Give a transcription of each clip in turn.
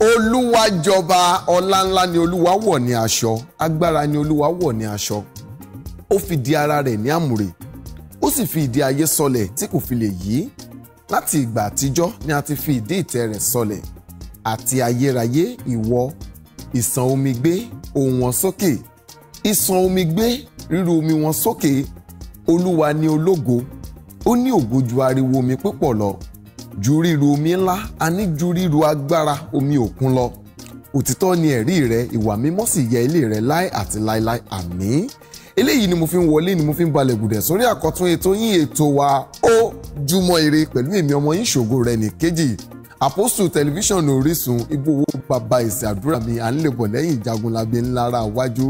olúwa jọba ọlá ni olúwa wọ̀ ní aṣọ agbára ni olúwa wọ̀ ní aṣọ ó fi di ara rẹ̀ ní àmùrè ó sì fi ìdí ayé sọlẹ̀ tí kò fi lè yí láti ìgbà àtijọ́ ni a ti fi ìdí ìtẹ́ rẹ̀ sọlẹ̀ àti ayérayé ìwọ ìsàn omi gbé ohùn wọn sókè ìsàn omi gbé ríru omi wọn sókè olúwa ni ológo ó ní ògo ariwo omi púpọ̀ lọ ju ríru omi ńlá a ní ju ríru agbára omi òkun lọ òtítọ́ ni ẹ̀rí rẹ ìwà mímọ́ sì yẹ ilé rẹ láé àti láéláé àmín eléyìí ni mo fi ń wọlé ni mo fi ń balẹ̀ gùdẹ̀ sórí àkọ́tún ètò yín ètò wa Ojúmọ́ Ire pẹ̀lú èmi ọmọ yín ṣògo rẹ̀ nìkejì àpòsù tẹlifíṣàn Orísun ibowó bàbá ìsìn àdúrà mi à ń lè bọ̀ lẹ́yìn ìjagunlabi ńlára wájú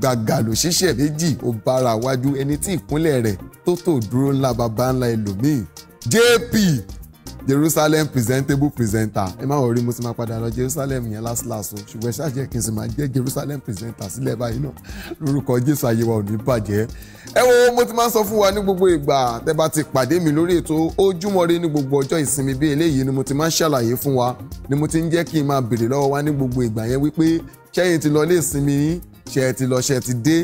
gbàgà lòṣìṣẹ́ méjì ó bára wájú ẹni tí ìkúnlẹ̀ rẹ̀ tó tò dúró ńlá bàbá ńlá ẹlòmíì JP Jerusalem presentable presenter ẹ má wọ rí mo ti máa padà lọ Jerusalem yẹn last last o ṣùgbọ́n ṣáàjẹ́ kí n sì máa jẹ́ Jerusalem presenter sílẹ̀ báyìí náà lórúkọ Jésù ayé wa ò ní bàjẹ́. ẹ wo mo ti máa ń sọ fún wa ní gbogbo ìgbà tẹ́ bá ti pàdé mi lórí ètò Ojúmọ́ Ire ní gbogbo ọjọ́ ìsinmi bí eléyìí ni mo ti máa ń ṣàlàyé fún wa ni mo ti ń jẹ́ kí n máa béèrè lọ́wọ́ wa ní gbogbo ìgbà yẹn wípé ṣẹ́yìn ti lọ lé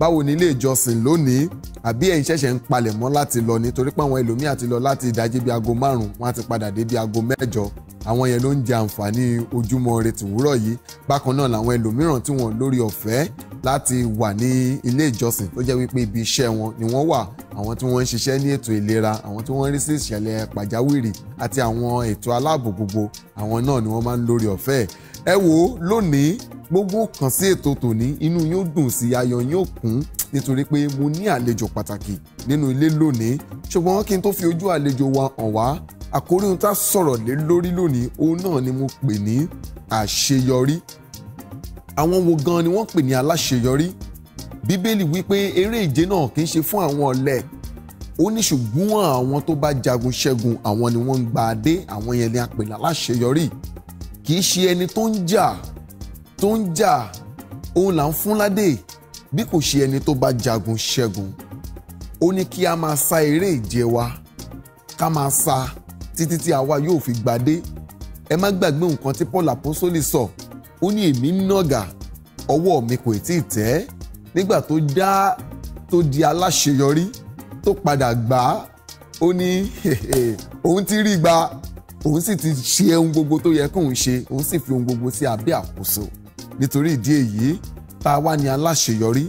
báwo ni ilé ìjọsìn lónìí àbí ẹ̀yin ṣẹ̀ṣẹ̀ ń palẹ̀ mọ́ láti lọ nítorí pé àwọn ẹlòmíà ti lọ láti ìdajì bíi aago márùn-ún wọ́n á ti padà dé bíi aago mẹ́jọ àwọn yẹn ló ń jẹ àǹfààní ojúmọ́ ire tìwúrọ̀ yìí bákan náà làwọn ẹlòmíràn tí wọ́n lórí ọ̀fẹ́ láti wà ní ilé ìjọsìn tó jẹ́ wípé ibi iṣẹ́ wọn ni wọ́n wà àwọn tí wọ́n ń ṣiṣẹ́ ní ètò ìlera àwọn tí wọ́n rí sí ìṣẹ̀lẹ̀ pàjáwìrì àti àwọn ètò aláàbò gbogbo àwọn náà ni wọ́n máa ń lórí ọ̀fẹ́ ẹ wo lónìí gbogbo kan sí ètò tòní inú yóò dùn sí ayọ̀ yóò kún nítorí pé mo ní àlejò pàtàkì nínú ilé lónìí ṣùgbọ́n kí n tó fi ojú àlejò wa hàn wá àkórí ohun tá a sọ̀rọ̀ lé lórí lónìí òun náà ni mo pè ní àṣeyọrí àwọn wo gan ni wọ́n pè ní aláṣeyọrí bíbélì wípé eré ìje náà kì í ṣe fún àwọn ọ̀lẹ ó ní ṣùgbọ́n àwọn tó bá jagun ṣẹ́gun àwọn ni wọ́n ń gba adé àwọn yẹn ni a pè ní aláṣeyọrí kì í ṣe ẹni tó ń jà tó ń jà òun là ń fún ládè bí kò ṣe ẹni tó bá jagun ṣẹ́gun ó ní kí a máa sa eré ìje wa ká máa sa títí tí àwa yóò fi gbadé ẹ má gbàgbé nǹkan tí Paul apostoli sọ ó ní èmi ń nàgà ọwọ́ mi kò tí ì tẹ́ nígbà tó dá tó di aláṣeyọrí tó padà gbà á ó ní òun ti rí gbà òun sì ti ṣe ohun gbogbo tó yẹ kóun ṣe òun sì fi ohun gbogbo sí abẹ́ àkóso nítorí ìdí èyí tá a wá ní aláṣeyọrí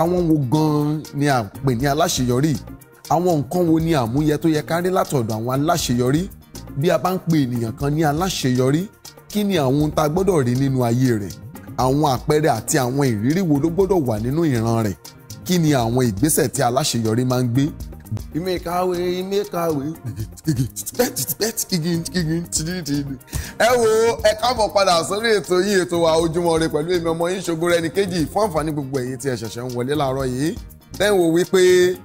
àwọn wo gan-an ni à ń pè ní aláṣeyọrí àwọn nǹkan wo ni àmúyẹ tó yẹ ká rí látọ̀dọ̀ àwọn aláṣeyọrí bí a bá ń pe ènìyàn kan ní aláṣeyọrí kí ni àwọn ohun tá a gbọ́dọ̀ rí nínú ayé rẹ̀ àwọn àpẹẹrẹ àti àwọn ìrírí wo ló gbọ́dọ̀ wà nínú ìran rẹ̀ kí ni àwọn ìgbésẹ̀ tí aláṣeyọrí máa ń gbé ìmẹ̀kàwé ìmẹ̀kàwé ẹ wo ẹ káàbọ̀ padà sórí ètò yìí ètò wa ojúmọ́ ire pẹ̀lú èmi ọmọ yín ṣògo rẹ̀ ní kejì fún àǹfààní gbogbo ẹ̀yin tí ẹ ṣẹ̀ṣẹ̀ ń wọlé láàárọ̀ yìí tẹ́ ń wo wípé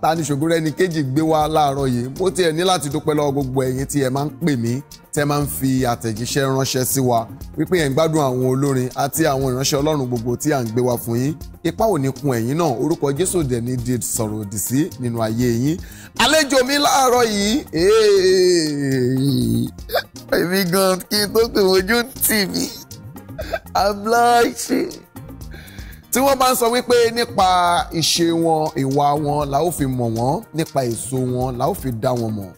ta ni Ṣògorẹ́ni kejì gbé wá láàárọ̀ yìí mo tiẹ̀ ní láti dúpẹ́ lọ́wọ́ gbogbo ẹ̀yin tí ẹ máa ń pè mí tẹ́ máa ń fi àtẹ̀jíṣẹ́ ránṣẹ́ sí wa wípé ẹ̀ ń gbádùn àwọn olórin àti àwọn ìránṣẹ́ ọlọ́run gbogbo tí à ń gbé wá fún yín ipá ò ní kun ẹ̀yin náà orúkọ Jésù dẹ̀ ní di sọ̀rọ̀ òdì sí nínú ayé yín àlejò mi láàárọ̀ yìí èmi gan kí n tó pè wọ́n ojú ń tì mí I'm blushing tí wọ́n bá ń sọ wípé nípa ìṣe wọn ìwà wọn la ó fi mọ̀ wọ́n nípa èso wọn la ó fi dá wọn mọ̀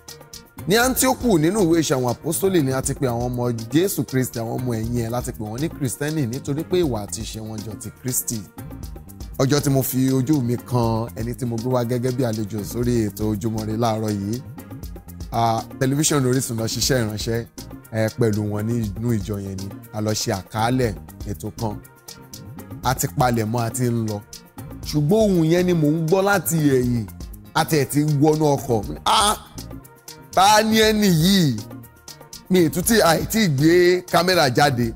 ní Áńtíókù nínú ìwé ìṣe àwọn àpọ́sítélì ni a ti pe àwọn ọmọ Jésù Kristi àwọn ọmọ ẹ̀yìn ẹ̀ láti pè wọ́n ní Kristẹni nítorí pé ìwà àti ìṣe wọn jọ ti Kristi ọjọ́ tí mo fi ojú mi kan ẹni tí mo gbé wá gẹ́gẹ́ bí àlejò sórí ètò Ojúmọ́ Ire láàárọ̀ yìí tẹlifíṣàn Orísun lọ ṣiṣẹ́ ìránṣẹ́ pẹ̀lú wọn nínú ìjọ yẹn ni a lọ ṣe àkàálẹ̀ ètò kan àti palẹ̀mọ́ àti ń lọ ṣùgbọ́n ohun yẹn ni mò ń gbọ́ láti ẹ̀yìn àti ẹ̀ wọnú ọkọ̀ ah ta ni ẹni yìí mi ìtútì àìtí gbé kámẹ́rà jáde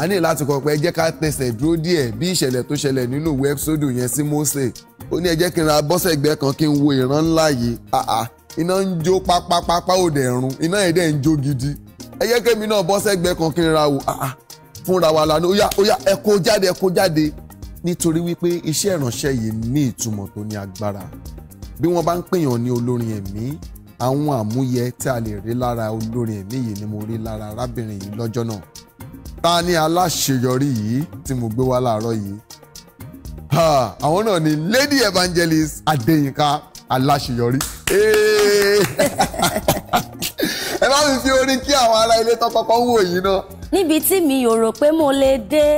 a ní láti kọ pé ẹ jẹ́ ká tẹsẹ̀ dúró díẹ̀ bí ìṣẹ̀lẹ̀ tó ṣẹlẹ̀ nínú ìwé ẹ́písódù yẹn sí Mósè ó ní ẹ jẹ́ kí n ra bọ́sẹ̀gbẹ́ kan kí n wo ìran ńlá yìí àà iná ń jó pápápápá òdẹ̀rùn iná yẹn dẹ̀ ń jó gidi ẹ jẹ́ kémi náà bọ́sẹ̀gbẹ́ kan kí n ra wò àà fúnra wa lánàá ó yá ó yá ẹ kó jáde ẹ kó jáde nítorí wípé iṣẹ́ ìránṣẹ́ yìí ní ìtumọ̀ tó ní agbára bí wọ́n bá ń pèèyàn ní olórin ẹ̀mí àwọn àmúyẹ tí a lè rí lára olórin ẹ̀mí yìí ni mo rí lára arábìnrin yìí lọ́jọ́ náà ta ni aláṣeyọrí yìí tí mo gbé wá láàárọ̀ yìí àwọn náà ni lady evangelist adéyínká aláṣeyọrí ẹ bá mi fi orin kí àwọn ará ilé tó kọ́kọ́ wò yìí náà níbi tí mi ò rò pé mo lè dé.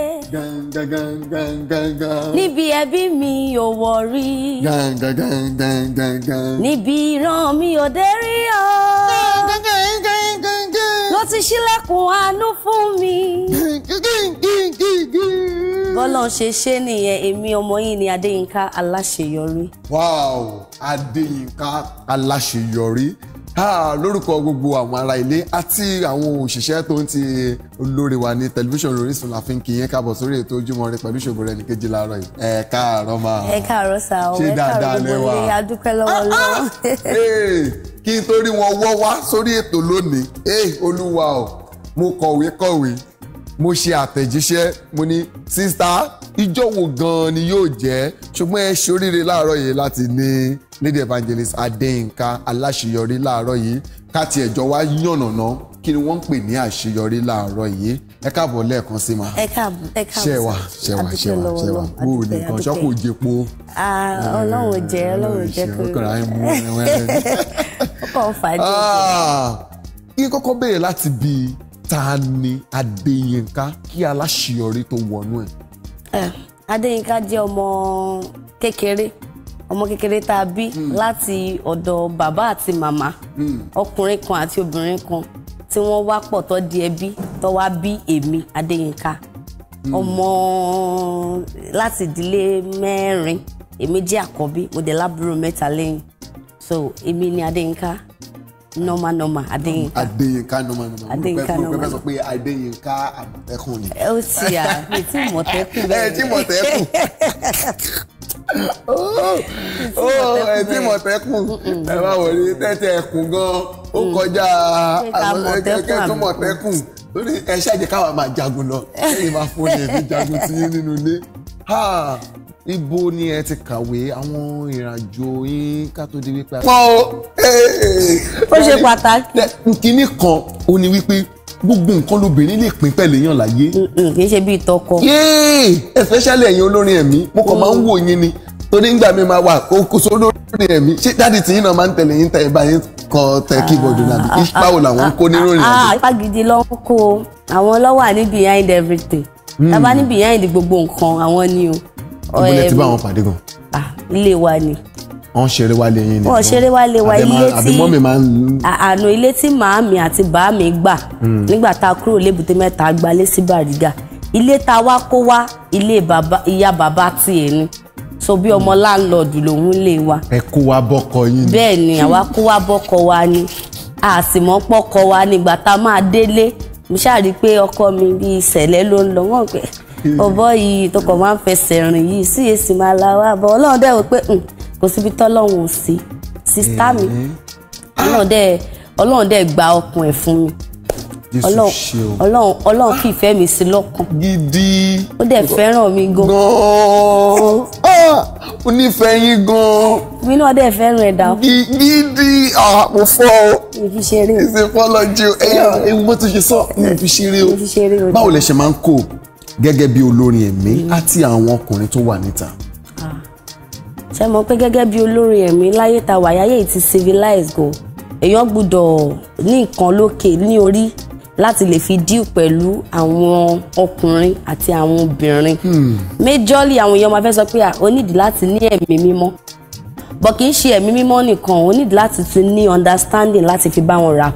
níbi ẹbí mi ò wọ̀ rí. níbi ìran mi ò dé rí o. ló ti ṣílẹ̀kùn àánú fún mi. bọ́lá ṣe ṣe nìyẹn èmi ọmọ yìí ni adéyínká aláṣeyọrí. wow adéyínká aláṣeyọrí lórúkọ gbogbo àwọn ará ilé àti àwọn òṣìṣẹ́ tó ń ti olórí wa ní tẹlifíṣàn Orísun la fi ń kí yín sórí ètò Ojúmọ́ Ire pẹ̀lú Ṣògo rẹ̀ kejì láàárọ̀ yìí ẹ káàárọ̀ máa ẹ káàárọ̀ sá ọ ẹ káàárọ̀ adúpẹ́ lọ́wọ́ kí n torí wọn wọ́ wá sórí ètò lónìí olúwa o mo kọ̀wé kọ̀wé mo ṣe àtẹ̀jíṣẹ́ mo ní sísá ìjọ wo gan-an ni yóò jẹ́ ṣùgbọ́n ẹ ṣoríire láàárọ̀ yìí láti ní lady evangelist adéyínká aláṣeyọrí láàárọ̀ yìí káti ẹ̀jọ́ wa yànnàná kí ni wọ́n ń pè ní àṣeyọrí láàárọ̀ yìí ẹ káàbọ̀ lẹ́ẹ̀kan sí ma. ẹ káàbọ̀ ẹ káàbọ̀ ṣẹwà ṣẹwà ṣẹwà ṣẹwà kú nìkan ṣọ́kù jẹpo. ọlọ́run jẹ ọlọ́run jẹ kúrò. ọkọ̀ ayé mú ẹwẹ́rẹ́ ní. ọkọ̀ fàájì. kí kọ́kọ́ béèrè láti bí ta ni adéyínká kí aláṣeyọrí tó wọnú ẹ̀. Eh, adéyínká jẹ́ ọmọ kékeré ọmọ kékeré tá a bí hmm. láti ọ̀dọ̀ bàbá àti màmá hmm. ọkùnrin kan àti obìnrin kan tí wọ́n wá pọ̀ tó di ẹbí tó wá bí èmi Adéyínká hmm. ọmọ láti ìdílé mẹ́rin èmi jẹ́ àkọ́bí mo dẹ̀ lábúrò mẹ́ta lẹ́yìn so èmi ni Adéyínká nọmà nọmà Adéyínká Adéyínká nọmà nọmà Adéyínká nọmà nọmà sọ pé Adéyínká àmọ̀tẹ́kùn ni. ẹ ó ti à mi tí mọ̀tẹ́kùn bẹ́ẹ̀ ni. ẹ ti mọ̀tẹ́kùn. ẹtí mọ̀tẹ́kùn ẹ bá wọlé tẹ́tẹ́ ẹkùn gan ó mm. kọjá kẹ́kẹ́ tó mọ̀tẹ́kùn lórí ẹ ṣáàjẹ káwa máa jagun lọ ẹ̀yin máa fún ẹ fi jagun tí yín nínú ilé ibo ni ẹ ti kàwé àwọn ìrìnàjò yín ká tó di wípé. pọ́n o ó ṣe pàtàkì. kínní kan ó ní wípé gbogbo nǹkan lóbìnrin lè pín pẹ̀lú èèyàn láyé. kì í ṣe bíi tọkọ. yéè especially ẹ̀yin olórin ẹ̀mí mo kàn máa ń mm. wò yín ni torí ńgbà mi máa wà kókó sólórin ẹ̀mí ṣé dáàdì tí yín náà máa ń tẹ̀lé yín tẹ̀lé báyìí kan tẹ keyboard nàbí ipa wo làwọn ń kó nínú ìrìn àjò. Ah, ipa gidi ló kó àwọn ló wà ní behind everything hmm. tábà ní behind gbogbo nǹkan àwọn ni o. ìbúlẹ̀ ti bá àwọn pàdé gan. Ah, ilé wa ni wọ́n ṣeré wálé yín ni. wọ́n ṣeré wálé wa ilé tí àbí mọ́mì máa ń. àná ilé tí màámi àti bàámi gbà hmm. nígbà tá a kúrò lébùté mẹ́ta gbalé sí Bàrígà ilé tá a wá kó wá ilé ìyá bàbá tiẹ̀ ni so bí ọmọ láńlọ́ọ̀dù lòun lè wa. ẹ kó wa bọ́kọ yín ni. bẹ́ẹ̀ ni àwa kó wa bọ́kọ wa ni a sì mọ́ pọ́kọ wa nígbà tá a máa délé mo ṣáà pé ọkọ mi bíi ìṣẹ̀lẹ̀ ló ń lọ wọ́n pẹ́ ọ̀bọ yìí tó kọ̀ máa ń fẹsẹ̀ rìn yìí sí èsì máa la wá bọ́ ọlọ́run dẹ̀ pé hmm, kò síbi tọ́lọ́run ò sí sísítà mi mhm. ọlọ́run dẹ̀ ọlọ́run dẹ̀ gba ọkàn ẹ̀ fún mi ọlọ́run ọlọ́run fi ìfẹ́ mi sí lọ́kàn ó dẹ̀ fẹ́ràn mi gan. Ah, ó nífẹ̀ẹ́ yín gan. mi náà dẹ̀ fẹ́ràn ẹ̀ dà. gidi ah, mo fọ́ ọ. mi fi ṣeré o. ewu bó ti ṣe sọ mi o. báwo lẹ ṣe máa ń kó gẹ́gẹ́ bí olórin ẹ̀mí àti àwọn ọkùnrin tó wà níta ṣe mọ̀ pé gẹ́gẹ́ bí olórin ẹ̀mí láyé ta wà yáyé ti civilize go èèyàn gbúdọ̀ ní nǹkan lókè ní orí láti lè fi díù pẹ̀lú àwọn ọkùnrin àti àwọn obìnrin méjọ́lì hmm. àwọn èèyàn máa fẹ́ sọ pé ó nídìí láti ní ẹ̀mí mímọ́ bọ̀ kì í ṣe ẹ̀mí mímọ́ nìkan ó nídìí láti tún ní understanding láti fi bá wọn rà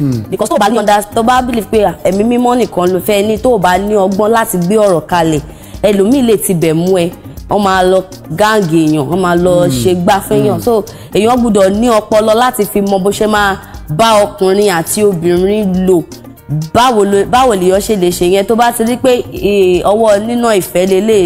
hmm. because tó o bá ní ọ̀dà tó bá bìlì pé ẹ̀mí mímọ́ nìkan ló fẹ́ ní tó o bá ní ọgbọ́n láti gbé ọ̀rọ̀ kalẹ̀ ẹlòmíì lè ti bẹ̀ mú ẹ wọ́n máa lọ gáàngì èèyàn wọ́n máa lọ hmm. ṣe gbá fẹ́yàn hmm. so èèyàn gbọ́dọ̀ ní ọpọlọ láti fi mọ bó ṣe máa bá ọkùnrin àti obìnrin lò báwo lèèyàn ṣe lè ṣe yẹn tó bá ti rí pé ọwọ́ nínà ìfẹ́ lélẹ̀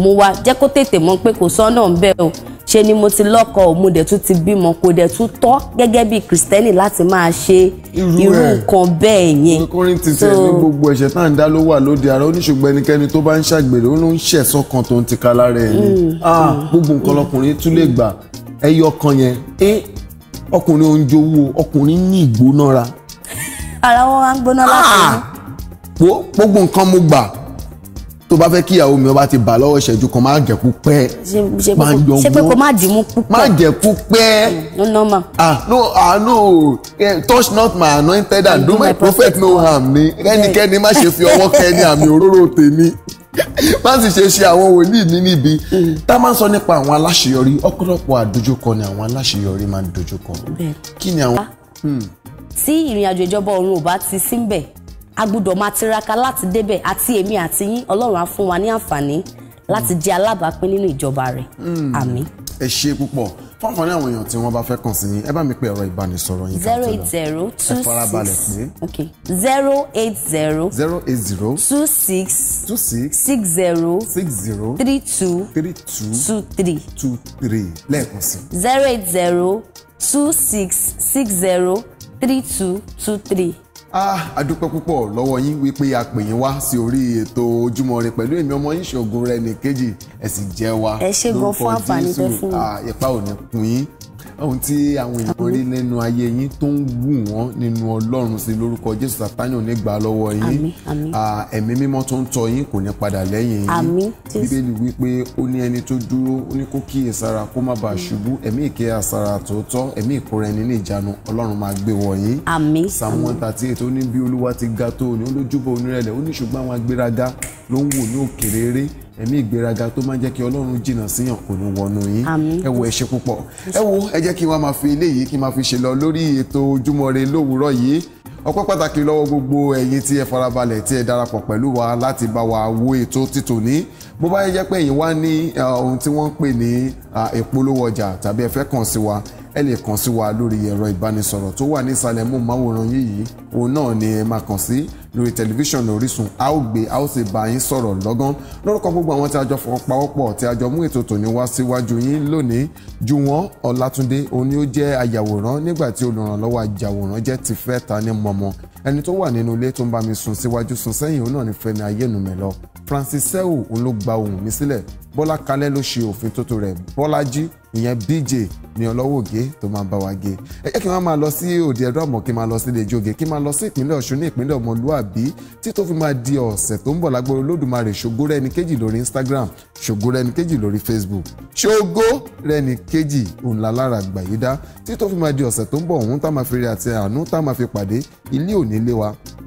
mú wa jẹ́ kó tètè mọ̀ pé kò sọ́nà ń bẹ̀ o ṣe ni mo ti lọ́kọ ò mo dẹ̀ tún ti bímọ kò dẹ̀ tún tọ́ gẹ́gẹ́ bí kristẹni láti máa ṣe irú nǹkan bẹ́ẹ̀ yẹn. orin ti sẹ ní gbogbo ẹ̀ṣẹ̀ tá à ń dá ló wà lóde ara oníṣùgbọ́n ẹnikẹ́ni tó bá ń ṣàgbèrè ó ló ń ṣẹ̀sọ́ kan tó ń ti ka lára ẹ̀ ni mm, mm. Ah, gbogbo nǹkan lọkùnrin tún lè gbà ẹyọ kan yẹn ọkùnrin oúnjẹ owó ọkùnrin ní ìgbónára. ara wọn wá ń gbóná látàrí. Ah! gbogbo nǹkan mo gbà tó bá fẹ́ kí ìyàwó mi ọba ti bà lọ́wọ́ ìṣẹ́jú kan má jẹ́ kú pẹ́ má pé kò má dìímú kú pẹ́ jẹ́ kú pẹ́. no normal. ah no ah no eh, touch not my anointed and do my prophet no harm ni ẹnikẹ́ni má ṣe fi ọwọ́ kẹ́ni àmì òróró tèmi má sì ṣe ṣe àwọn wòlíì mi níbi mm. tá a máa ń sọ nípa àwọn aláṣeyọrí ọ̀pọ̀lọpọ̀ àdójúkọ ni àwọn aláṣeyọrí máa ń dojúkọ kí ni àwọn. Hmm. tí ìrìn àjò ìjọba ọ̀run ò bá ti sí ń bẹ̀ a gbúdọ̀ máa tiraka láti débẹ̀ àti èmi àti yín ọlọ́run á fún wa ní àǹfààní láti jẹ́ alábàápín nínú ìjọba rẹ̀ hmm. àmín. ẹ ṣe púpọ̀ fọ́nfọ́n ní àwọn èèyàn tí wọ́n bá fẹ́ kàn sí yín ẹ bá mi pe ẹ̀rọ ìbánisọ̀rọ̀ yín káàtó lọ zero eight zero two six ẹ farabalẹ̀ pé okay zero eight zero zero eight zero two six two six six zero six zero three two three two two three two three lẹ́ẹ̀kan sí. zero eight zero two six six zero three two two three ah adúpẹ́ púpọ̀ lọ́wọ́ yín wípé a pè yín wá sí orí ètò ojúmọ́ ire pẹ̀lú èmi ọmọ yín Ṣògorẹnìkejì ẹ sì jẹ́ wa lórúkọ Jésù ipa ò ní kún yín ohun tí àwọn èèyàn rí lẹ́nu ayé yín tó ń wù wọ́n nínú ọlọ́run sí lórúkọ jésù sátánì ò ní gbà lọ́wọ́ yín ẹ̀mí mímọ́ tó ń tọ́ yín kò ní padà lẹ́yìn yín bíbélì wípé ó ní ẹni tó dúró ó ní kó kíyè sára kó má bàa ṣubú ẹ̀mí ìkẹ́ àsàrà tòótọ́ ẹ̀mí ìkóra ẹni ní ìjánu ọlọ́run máa gbé wọ̀ yín samuel thirty eight ó ní bí olúwa ti ga tó ní olójúbọ onírẹ̀lẹ̀ ó ní ṣùgbọ́n àwọn agbéraga ló ń wò ní òkèrè ẹ̀mí ìgbéraga tó máa ń jẹ́ kí ọlọ́run jìnnà síyàn kò ní wọnú yín ẹ wo ẹ ṣé púpọ̀ ẹ wo ẹ jẹ́ kí wọ́n máa fi eléyìí kí n máa fi ṣe lọ lórí ètò ojúmọ́ lówùúrọ̀ yìí ọpẹ́ pàtàkì lọ́wọ́ gbogbo ẹ̀yin tí ẹ farabalẹ̀ tí ẹ darapọ̀ pẹ̀lú wa láti bá wa wo ètò títòní bó bá yẹ jẹ́ pé ẹ̀yin wá ní eh, ohun tí wọ́n ń pè ní ah, ìpolówó ọjà tàbí ẹ fẹ́ kàn sí wa ẹ lè kàn sí wa lórí ẹ̀rọ ìbánisọ̀rọ̀ tó wà nísàlẹ̀ mú máwòrán yín yìí òun náà ni ẹ máa kàn sí lórí tẹlifíṣàn Orísun a ó gbé a ó sì bá yín sọ̀rọ̀ lọ́gán lórúkọ gbogbo àwọn tí a jọ fọwọ́pawọ́pọ̀ tí a jọ mú ètò tòní wá síwájú yín lónìí Jùwọ́n Ọlátúndé òun ni ó jẹ́ ayàwòrán nígbà tí olùrànlọ́wọ́ ajàwòrán jẹ́ Tifẹ́ Tanímọ̀mọ́ ẹni tó wà nínú ilé tó ń bá mi sùn síwájú sùn sẹ́yìn òun náà ní Fẹ́mi Ayénumẹ́lọ Francis Sehu òun ló gba ohùn mi sílẹ̀ Bọ́lá Kalẹ́ ló ṣe òfin tuntun rẹ̀ Bọ́lájí ìyẹn BJ ní ọlọ́wọ́ òge tó máa ń bá wa ge ẹ jẹ́ kí n máa lọ sí òde ẹ̀rọ àmọ́ kí n máa lọ sí ilé kí n máa lọ sí ìpínlẹ̀ Ọ̀ṣun ní ìpínlẹ̀ ọmọlúàbí tí tó fi máa di ọ̀sẹ̀ tó ń bọ̀ lágbóró Olódùmarè ṣògo rẹni kejì lórí Instagram ṣògo rẹni kejì lórí Facebook ṣògo rẹni kejì òǹlà lára gbàyídá tí tó fi máa di ọ̀sẹ̀ tó ń bọ̀ nílé wa